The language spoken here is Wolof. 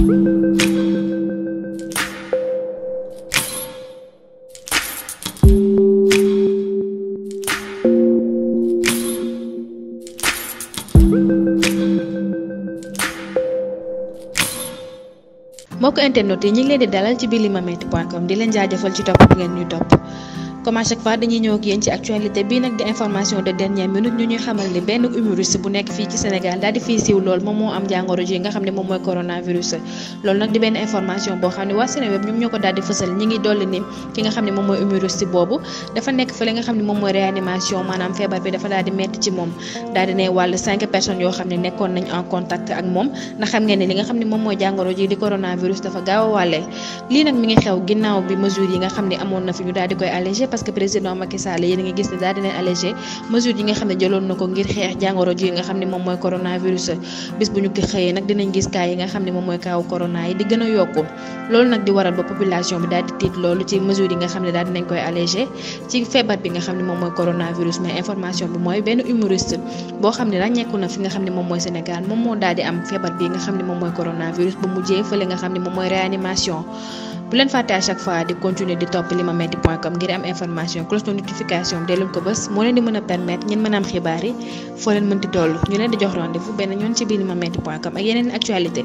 mbokk internet yi ñu ngi leen di dalal ci bi limamet point com di leen jaajëfal ci topp bi ngeen ñu topp comme à chaque fois dañuy ñëw ak yéen ci actualité bii nag di information de dernière minute ñu ñuy xamal ni benn humoriste bu nekk fii ci Sénégal daal di fii siiw lool moom moo am jàngoro ji nga xam ne moom mooy coronavirus loolu nag di benn ni ki mooy humoriste boobu dafa nekk fële nga xam ne moom mooy réanimation maanaam feebar bi dafa daal di metti ci moom daal di ne wàll cinq personnes yoo xam ne nekkoon nañ en contact ak moom ndax xam ngeen ne li nga xam ne moom mooy jàngoro ji di coronavirus dafa gaaw a wàllee lii nag mi ngi xew ginnaaw bi mesures parce que président Macky Sall yéen a ngi gis ne daal dinañ allégé mesure yi nga xam ne jëloon na ko ngir xeex jàngoro ji nga xam ne moom mooy coronavirus bis bu ñu gis kaa yi nga xam ne moom mooy kaawu corona yi di gën a yokku loolu nag di waral ba population bi daal di tiit loolu ci mesure yi nga xam ne daal dinañ koy allégé ci feebar bi nga xam ne moom mooy coronavirus mais information bi mooy benn humoriste boo xam ne ràññeeku na fi nga xam ne moom mooy Sénégal moom moo daal di am feebar bi nga xam ne moom mooy coronavirus bu mujjee fële nga xam ne moom mooy bu leen fàtte à chaque fois di continuer di topp limametti point com ngir am information cloche de notification dee ko bés moo leen di mën a permettre ngeen mën am xibaar yi foo leen mënti toll ñu leen di jox rendez-vous benn ñoon ci biir limametti point com ak yeneen actualité